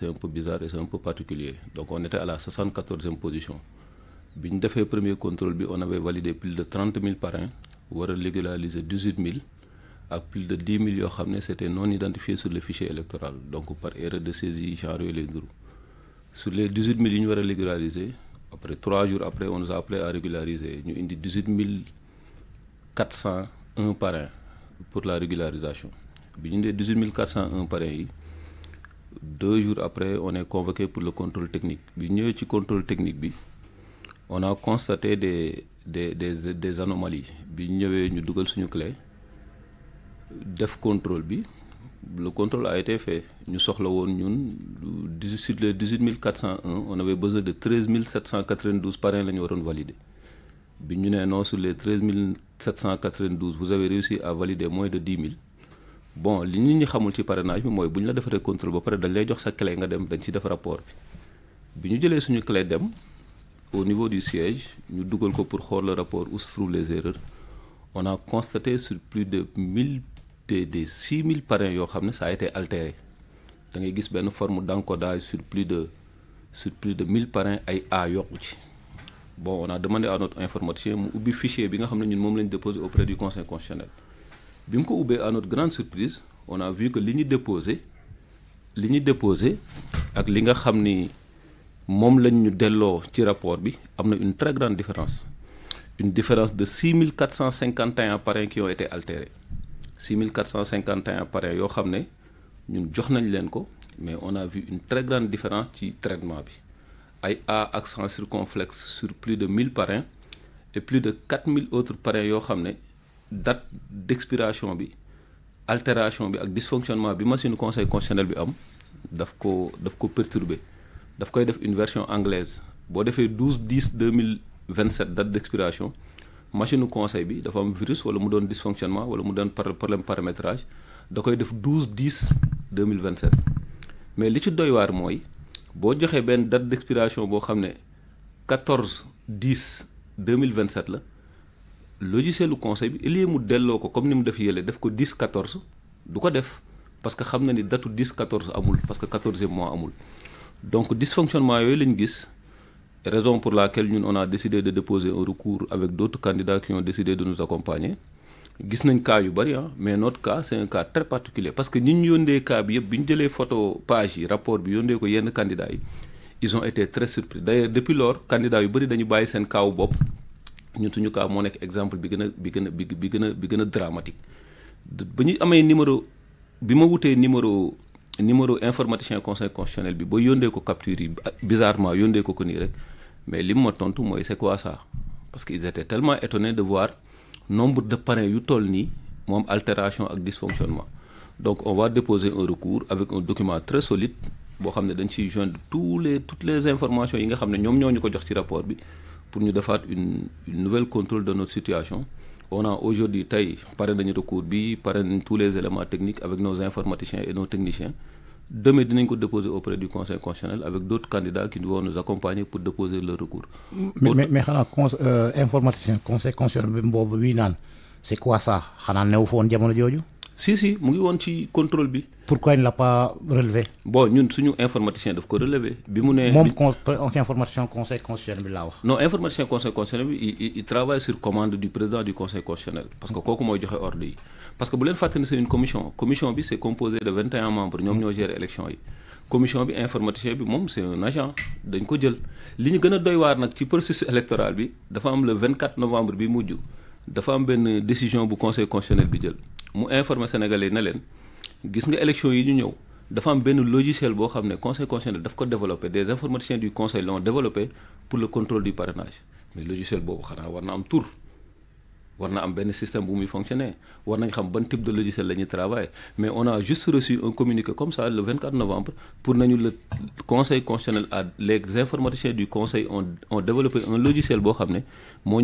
C'est un peu bizarre et c'est un peu particulier. Donc on était à la 74e position. le premier contrôle on avait validé plus de 30 000 parrains On a régularisé 18 000 Et plus de 10 000 c'était non identifié sur le fichier électoral donc par erreur de saisie genre les les sur les 18 000 on a après trois jours après on nous a appelé à régulariser ñu indi 18 401 parrains pour la régularisation Nous, avons dit 18 401 parrains deux jours après, on est convoqué pour le contrôle technique. contrôle technique, on a constaté des, des, des, anomalies. Google sur Le contrôle a été fait. Nous sommes 18 401, on avait besoin de 13 792 par an pour valider. validés. sur les 13 792, vous avez réussi à valider moins de 10 000 bon li nit ñi xamul ci parrainage bi mooy bu ñu la defaree contrôle ba pare dañ lay jox sa clé nga dem dañ ci def rapport bi bi ñu jëlee suñu clé dem au niveau du siège ñu dugal ko pour xool le rapport où se trouvent les erreurs on a constaté sur plus de 1000 des des six parrains yoo xam ne ça a été altéré da ngay gis benn forme d'encodage sur plus de sur plus de 1000 parrains ay A yokku ci bon on a demandé à notre informaticien mu ubbi fichier bi nga xam ne ñun moom lañ déposé auprès du conseil constitutionnel bimko à notre grande surprise on a vu que li déposée déposé déposée déposé ak li nga xamni mom lañ rapport une très grande différence une différence de 6451 parrains qui ont été altérés 6451 parrains yo xamné ñun jox leen ko mais on a vu une très grande différence ci traitement bi ay A accent circonflexe sur plus de 1000 parrains et plus de 4000 autres parrains yo xamné date d'expiration bi altération bi ak dysfonctionnement bi machine conseil constitutionnel bi am daf ko daf perturber daf koy def une version anglaise boo defee 12 10 2027 date d'expiration machine conseil bi dafa am virus wala mu doon dysfonctionnement wala mu doon problème paramétrage da koy def 12 10 2027 mais li ci doy waar mooy boo joxee benn date d'expiration boo xam ne 14 10 2027 la logiciel le conseil il est delloo ko comme ni mu def yële def ko 10 14 du ko def parce que xam na ni datu 10 14 amul parce que 14e mois amul donc dysfonctionnement yooyu le raison pour laquelle nous on a décidé de déposer un recours avec d'autres candidats qui ont décidé de nous accompagner gis nañ cas yu bëri hein, mais notre cas c'est un cas très particulier parce que nous ñu yóndee cas bi yëpp bi ñu photo page yi rapport bi ko yenn candidats ils ont été très surpris d'ailleurs depuis lors candidats yu bëri dañu bàyyi seen cas bopp nous suñu cas moo exemple bi gën bi gën bi bi dramatique ba ñu amee numéro bi ma numéro numéro informaticien conseil constitutionnel bi ba yóndee ko capture bizarrement yóndee ko ko mais li ma tontu c'est quoi ça parce qu'ils étaient tellement étonnés de voir nombre de parrains yu toll nii moom altération ak dysfonctionnement donc on va déposer un recours avec un document très solide pour xam ne dañ ciy joindre les toutes les informations yi nga xam ne ñoom ñoo ñu jox ci rapport pour nous faire une une nouvelle contrôle de notre situation on a aujourd'hui taille un de recours bi tous les éléments techniques avec nos informaticiens et nos techniciens demain dinañ ko déposer auprès du conseil constitutionnel avec d'autres candidats qui doivent nous accompagner pour déposer le recours. mais mais euh, informaticien conseil constitutionnel c'est quoi ça si si mu ngi woon ci contrôle bi. pourquoi il ne l'a pas relevé. bon ñun suñu informaticien daf ko relevé. bi mu ne moom con informaticien conseil constitutionnel bi laa wax. non informaticien conseil constitutionnel il travaille sur commande du président du conseil constitutionnel. parce que kooku mooy joxe ordre yi. parce que bu leen fàttali c'est une commission commission bi c'est composé de 21 membres ñoom ñoo l'élection. élection yi. commission bi informaticien bi moom c'est un agent dañ ko jël li ñu gën a doy waar nag ci processus électoral bi dafa am le 24 novembre bi mujj dafa am benn décision bu conseil constitutionnel bi jël mu informer sénégalais yi na leen gis nga élection yi ñu ñëw dafa am benn logiciel boo xam ne conseil constitutionnel daf ko développer des informaticiens du conseil l'ont développé pour le contrôle du parrainage mais logiciel boobu xanaa war na am tur on a un bon système fonctionner bon type de logiciel qui travaille, mais on a juste reçu un communiqué comme ça le 24 novembre pour que le conseil constitutionnel les informaticiens du conseil ont développé un logiciel qui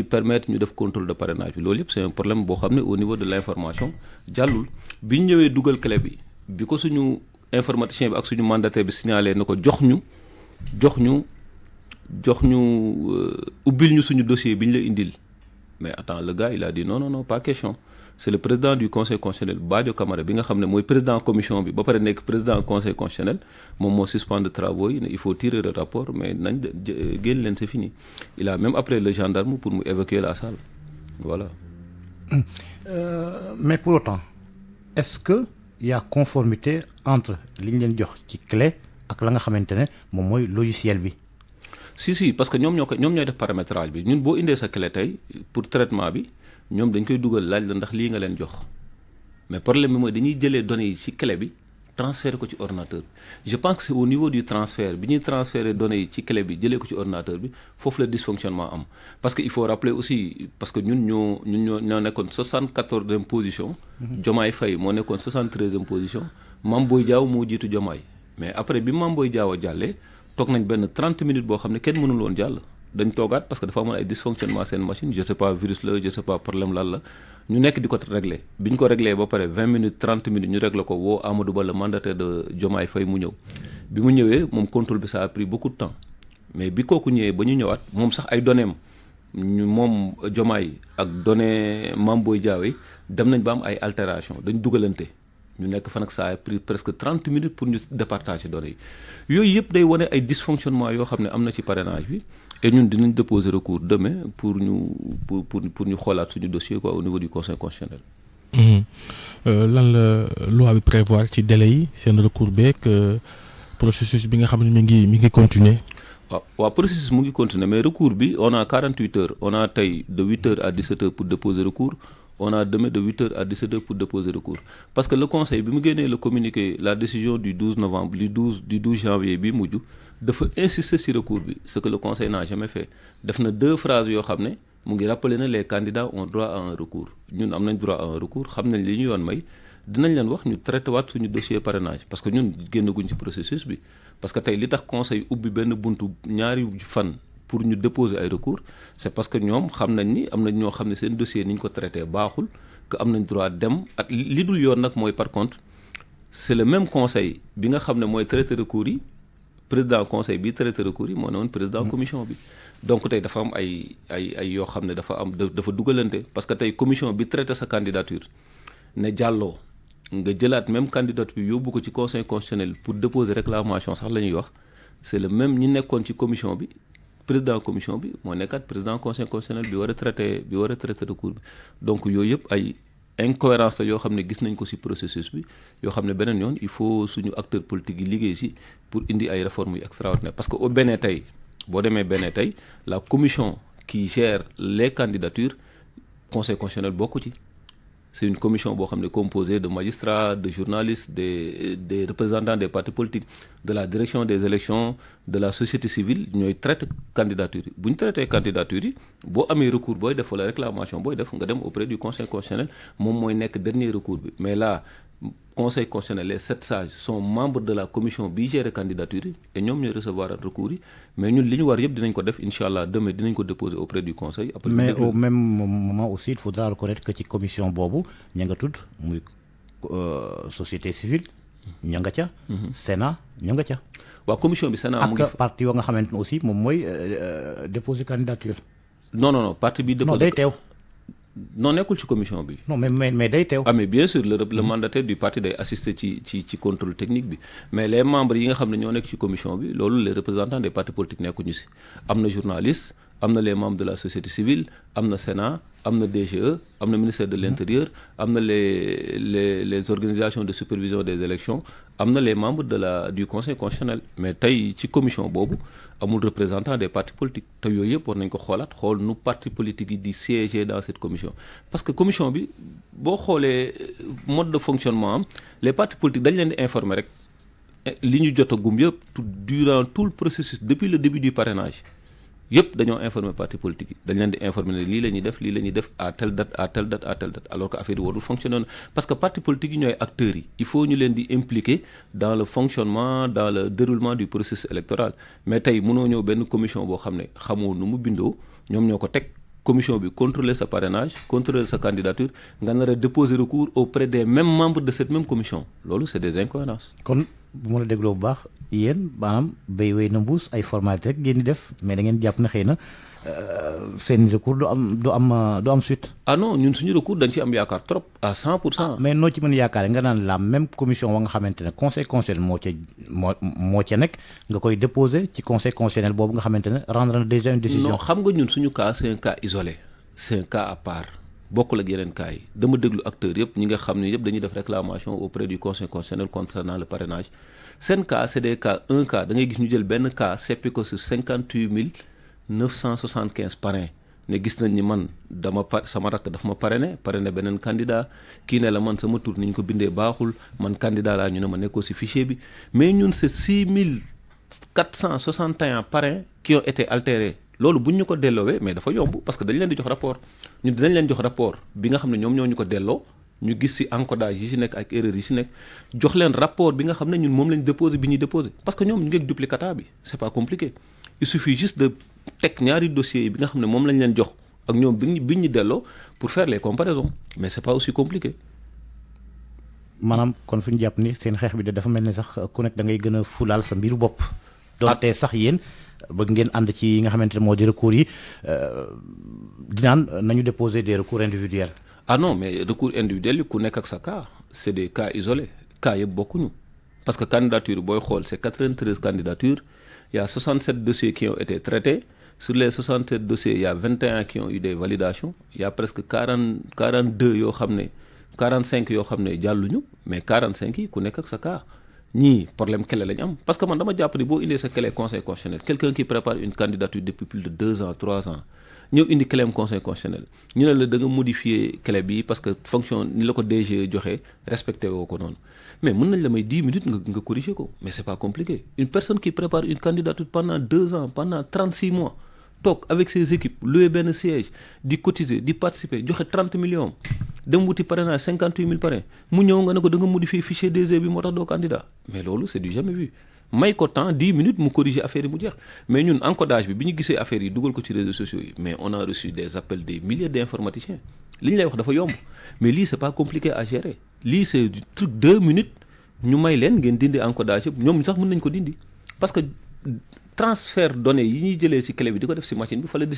de parrainage c'est un problème au niveau de l'information Si nous, nous, dossier mais attends le gars il a dit non non non pas question c'est le président du conseil constitutionnel Badio Camara bi nga le président président commission bi ba le président président conseil constitutionnel suspend suspendre travaux travail, il faut tirer le rapport mais c'est fini il a même appelé le gendarme pour évacuer la salle voilà. Hum. Euh, mais pour autant est-ce que y a conformité entre l'Indien qui est clé et la nga logiciel bi si si parce que ñoom ñoo ko ñoom ñooy def paramétrage bi ñun boo indee sa clé tey pour traitement bi ñoom dañ koy dugal laaj la ndax lii nga leen jox mais problème bi mooy dañuy jëlee données yi ci clé bi transférer ko ci ordinateur bi je pense que c'est au niveau du transfert bi ñuy transférer données yi ci clé bi jëlee ko ci ordinateur bi foofu la dysfonctionnement am parce que il faut rappeler aussi parce que ñun ñoo ñun ñoo ñoo nekkoon 74e position jomaay mhm. Faye moo nekkoon 73e position mam Boye Diao moo jiitu Diomaye mais après bi mam Boye Diao jàllee tok nañ benn 30 minutes bo xamné kenn mënul won jall dañ toogaat parce que dafa amoon ay dysfonctionnement sen machine je sais pas virus la je sais pas problème lan la ñu nekk diko régler. biñ ko régler ba paré 20 minutes 30 minutes ñu régler ko wo Amadou Ba le mandataire de jomay fay mu ñew bi mu ñewé mom contrôle bi ça a pris beaucoup de temps mais bi kooku ñewé ba ñu ñewat mom sax ay données ñu moom Diomaye ak données Mame Boye Diao dem nañ ba am ay altération dañ dugalante nous nekk fan ak saa pris presque 30 minutes pour nous départager données yi yooyu yëpp day wane ay dysfonctionnement yoo xam ne ci parrainage bi et ñun dinañ déposer recours demain pour ñu pour pour pour ñu suñu dossier quoi au niveau du conseil constitutionnel. Euh, lan la loi bi prévoir ci délai yi seen recours beeg euh, processus bi nga xam ne mi continuer. processus mu ngi continuer mais recours bi on a 48 heures on a tey de 8 heures à 17 heures pour déposer recours on a demain de 8h à 17h pour déposer recours. Parce que le conseil, il a le communiqué la décision du 12 novembre du 12 du 12 janvier il de dafa insister le recours ce que le conseil n'a jamais fait a deux phrases il a rappelé que les candidats ont droit à un recours Nous avons droit à un recours nous avons droit à un may dinañ leen wax ñu traité waat suñu dossier parrainage parce que nous génnaguñ ci processus bi parce que tey li tax conseil ubbi benn buntu ñaari fan pour ñu déposer un recours c'est parce que nous sommes nañ ni am nañ ñoo xam un seen dossier ni nous ko traité baaxul que am droit dem ak li dul yoon par contre c'est le même conseil bi nga xam ne mooy traité recours président conseil bi traité recours yi moo ne président mm. commission bi donc tey dafa am ay ay ay yoo xam dafa am dafa parce que tey commission bi traité sa candidature ne jàlloo nga jëlaat même candidature bi yóbbu beaucoup ci conseil constitutionnel pour déposer réclamation sax la ñuy wax c'est le même ñi nekkoon ci commission bi président commission bi moo nekkat président conseil constitutionnel bi war a traité bi war a traité recours bi donc yooyu ay incohérence la yoo xam ne gis nañ ko processus bi yoo xam ne beneen il faut suñu acteur politique yi liggéey ci pour indi ay réformes yu extraordinaire parce que au Bénin tey boo demee la commission qui gère les candidatures conseil constitutionnel bokku ci c'est une commission composée de magistrats, de journalistes, des, représentants des partis politiques, de la direction des élections, de la société civile. Nous traitons candidature. Si nous traitons candidature, nous avons un recours, nous avons la réclamation, nous avons auprès du Conseil constitutionnel, nous avons dernier recours. Mais là, conseil constitutionnel les sept sages sont membres de la commission bi gérer candidature et nous allons recevoir un recours mais nous li ñu war yëpp dinañ ko def demain déposer auprès du conseil. après mais au même moment aussi il faudra reconnaître que la commission Bobo, ña nga euh, société civile. ña nga mhm. Sénat ña nga ca. commission bi Sénat mu ngi. parti yoo nga aussi moom euh, euh, déposer candidature. non non non parti bi. déposer non nekul ci commission bi. non mais mais mais day tew ah mais bien sûr le le mhm. mandataire du parti day assister ci ci ci contrôle technique bi mais les membres yi nga xam ñoo nek ci commission bi loolu les représentants des partis politiques nekkuñu si am na journaliste am les membres de la société civile am na Sénat am na DGE am na ministère de l'intérieur am les les les organisations de supervision des élections am les membres de la du conseil constitutionnel mais tay ci commission bobu amul représentant des partis politiques te pour yëpp nañ ko partis politiques qui di dans cette commission parce que commission bi bo xolé euh, mode de fonctionnement am les partis politiques dañ leen di informer rek li ñu gum durant tout le processus depuis le début du parrainage yep dañoo informer parti politique yi dañ leen di informer ne lii la def def à telle date à telle date à telle date alors que affaire yi warul parce que parti politique yi ñooy acteurs yi il faut ñu leen di impliquer dans le fonctionnement dans le déroulement du processus électoral mais tey mënoo ñëw une commission boo xam ne xamoo nu mu bindoo ñoom ñoo ko teg commission bi contrôler sa parrainage contrôler sa candidature nga nar déposer recours auprès des mêmes membres de cette même commission loolu c'est des incohérences bu ma la dégloo bu baax yéen maanaam béy wéy na mbuus ay formalité rek ngeen di def mais da ngeen jàpp na xëy na euh, seen recours du am du am euh, du am suite. ah non ñun suñu recours dañ ci am yaakaar trop à 100 pour cent. Ah, mais noo ci mën yaakaar nga naan la même commission wa nga xamante ne conseil constitutionnel moo ca moo moo ca nekk nga koy déposer ci conseil constitutionnel boobu nga xamante ne rendre na déjà une décision. non xam nga ñun suñu cas c'est un cas isolé c'est un cas à part bokul ak yenen kay dama deglu acteurs yep ñi nga dañuy def réclamation auprès du conseil constitutionnel concernant le parrainage un cas c'est des cas un cas da ngay gis ñu jël ben cas plus que sur 58975 huit parrains ne gis nañ ni man dama sama rak daf ma parrainé parrainé un candidat ki ne la man sama tour niñ ko bindé baxul man candidat la ñu ne ma nekk si fichier bi mais ñun c'est 6461 six parrains qui ont été altérés loolu buñ ñu ko delloowee mais dafa yomb parce que dañ leen di jox rapport ñu dañ leen jox rapport bi nga xam ne ñoom ñoo ñu ko delloo ñu gis si encodage yi si nekk ak erreur yi si nekk jox leen rapport bi nga xam ne ñun moom lañ déposé bi ñuy déposé parce que ñoom ñu ngeeg duplicata bi c'est pas compliqué il suffit juste de teg ñaari dossiers yi bi nga xam ne moom lañ leen jox ak ñoom biñ delloo pour faire les comparaisons mais c'est pas aussi compliqué maanaam kon fi ñu jàpp ni seen xeex bi de dafa mel ni sax ku nekk da ngay gën a sa mbiru bopp donte ah. sax yeen ngeen ci nga recours yi euh, nan nañu déposer des recours individuels. ah non mais recours individuels ku nek ak sa cas c'est des cas isolés cas parce que candidature boy c'est 93 candidatures il y a 67 dossiers qui ont été traités sur les 67 dossiers il y a 21 qui ont eu des validations il y a presque 40 42 yo été 45 qui ont été... mais 45 qui ku été... ak ni problème est le am parce que man dama jàpp ni est ce sa le conseil constitutionnel quelqu'un qui prépare une candidature depuis plus de deux ans trois ans ñëw indi clé conseil constitutionnel ñu la modifier clé bi parce que fonction ni la DG respecté au mais il nañ la minutes nga corriger ko mais c'est pas compliqué une personne qui prépare une candidature pendant deux ans pendant 36 mois donc avec ses équipes le ben siège di cotiser di participer a 30 millions Dembouti wuti parrainage 58 000 mille mu ñëw nga ne ko da nga modifier fichier des bi motax do candidat mais loolu c'est du jamais vu may ko temps 10 minutes mu corriger affaire yi mu jeex mais ñun encodage bi bi ñu gisee affaire yi dugal ko ci réseaux sociaux mais on a reçu des appels des milliers d'informaticiens liñ lay wax dafa yomb mais lii c'est pas compliqué à gérer lii c'est du truc 2 minutes ñu may leen ngeen dindi encodage yëpp ñoom sax mën nañ ko dindi parce que transfert données yi ñuy jëlee ci clé bi di ko def ci machine bi fa la bi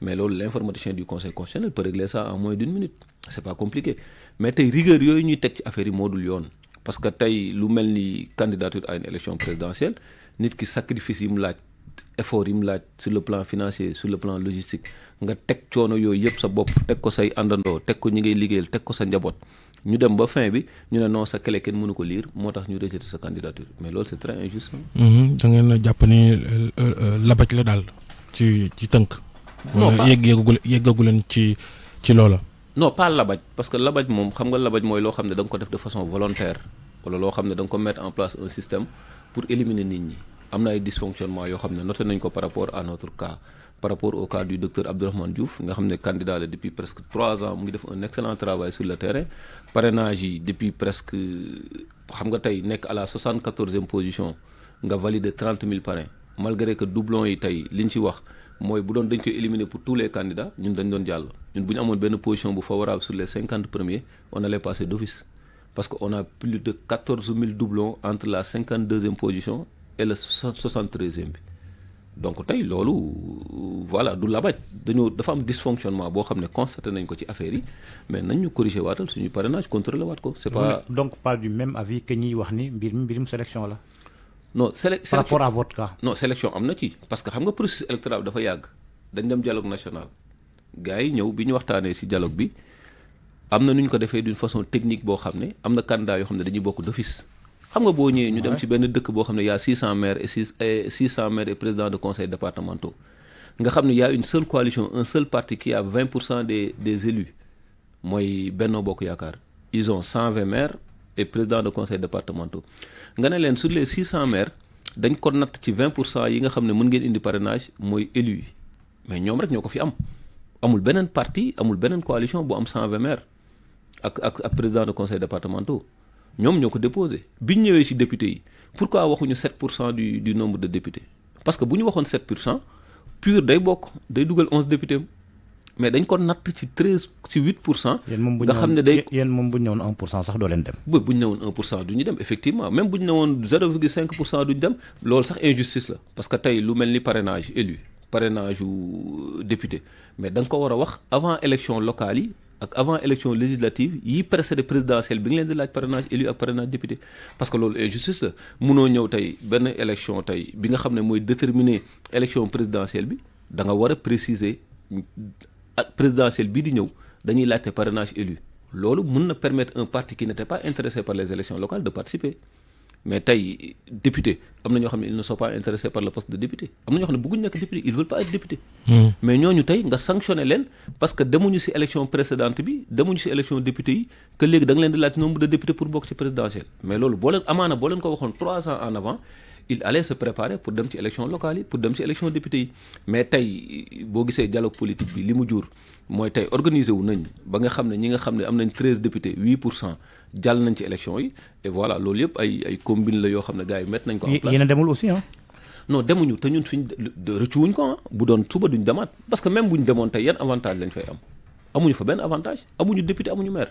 mais loolu l'informaticien du conseil constitutionnel peut régler ça en moins d'une minute c'est pas compliqué mais tey rigueur yooyu ñuy teg ci affaire yi yoon parce que tey lu mel ni candidature à une élection présidentielle nit ki sacrifice yi mu laaj effort yi mu laaj sur le plan financier sur le plan logistique nga teg coono yooyu yëpp sa bopp teg ko say àndandoo teg ko ñi ngay liggéeyal teg ko sa njaboot ñu dem ba fin bi ñu ne non sa clé kenn mënu ko lire moo tax ñu rejeter sa candidature mais loolu c'est très injuste. Mm-hmm. da ngeen a jàpp ni euh, euh, euh, labaj la daal ci ci tënk. non pas yegg yeggagu leen ci ci loola. non pas labaj parce que labaj moom xam nga labaj mooy loo xam ne da nga ko def de façon volontaire wala loo xam da nga ko mettre en place un système pour éliminer nit ñi am na ay dysfonctionnements yoo xam noté nañ ko par rapport à notre cas par rapport au cas du docteur Abdelrahman Diouf, nous avons des candidats depuis presque trois ans, nous avons fait un excellent travail sur le terrain. Parrainage depuis presque, nous sommes à la 74e position, nous avons validé 30 000 parrains. Malgré que doublon est taille, nous avons que pour tous les candidats, nous avons dit nous avons une position favorable sur les 50 premiers, on allait passer d'office. Parce qu'on a plus de 14 000 doublons entre la 52e position et la 73e donc tay loolu voilà du labaaj dañu dafa am dysfonctionnement boo xam ne constaté nañ ko ci affaire yi mais nañ ñu corrigé waatal suñu parrainage contrôlé waat ko. c'est pas donc pas du même avis que ñiy wax ni mbir mi mbirum sélection la. non sélec par rapport à votre cas. non sélection am na ci parce que xam nga processus électoral dafa yàgg dañ dem dialogue national gars yi ñëw bi ñu waxtaanee si dialogue bi am na nu ñu ko defee d'une façon technique boo xam ne am na candidat yoo xam ne dañuy bokk d'office xam nga boo ñëwee ñu dem y' a 600 maires et 600 maires et présidents de conseils départementaux nga xam qu'il y' a une seule coalition un seul parti qui a 20 des des élus Bokk ils ont 120 maires et présidents de conseils départementaux nga ne leen les 600 maires dañ ko ci 20 des yi nga élus mais ñoom rek ñoo ko fi am amul beneen parti amul coalition qui a 120 maires et présidents de conseils départementaux ñom ñoko déposé biñ ñëwé ci député yi pourquoi waxuñu 7 du du nombre de députés parce que si waxone 7 pur day bok day duggal 11 députés mais dañ ko nat ci 13 ci 8 Il y nga xam day yeen 1 sax do leen dem. 1 dem effectivement même si ñu 0,5 du ñu dem sax injustice la parce que tay lu melni parrainage élu parrainage député mais da ko wara avant élection locale avant l'élection législative il précédé présidentielle bi ngi leen di laaj parrainage élu ak parrainage député parce que loolu injustice la munoo ñëw tey benn élection tey bi nga déterminer présidentielle bi da nga a préciser présidentielle bi di ñëw dañuy parrainage élu loolu mun na à un parti qui n'était pas intéressé par les élections locales de participer mais tay député amna na ñoo il ne ils ne sont pas intéressés par le poste de député amna na ñoo xam ne bëgguñ nekk député ils veulent pas être député. Hmm. mais ñooñu tay nga sanctionner l'en parce que ñu ci élection précédente bi ñu ci élection député yi que légui da nga leen di laaj nombre de député pour bokk ci présidentielle mais loolu bo leen amana bo leen ko waxon trois ans en avant il allait se préparer pour dem ci élection locale yi pour dem ci élection député yi mais tey boo gisee dialogue politique bi li mu jur mooy tey organiser wu nañ ba nga xam ne ñi nga xam ne am nañ treize députés huit pour cent jàll nañ ci élection yi et voilà loolu yëpp ay ay combine la yoo xam ne gars yi nañ ko yéen a demul aussi ah non demuñu te ñun de rëccu wuñ ko ah bu doon suba duñ demaat parce que même buñ demoon tey yan avantage lañ fay am amuñu fa benn avantage amuñu député amuñu maire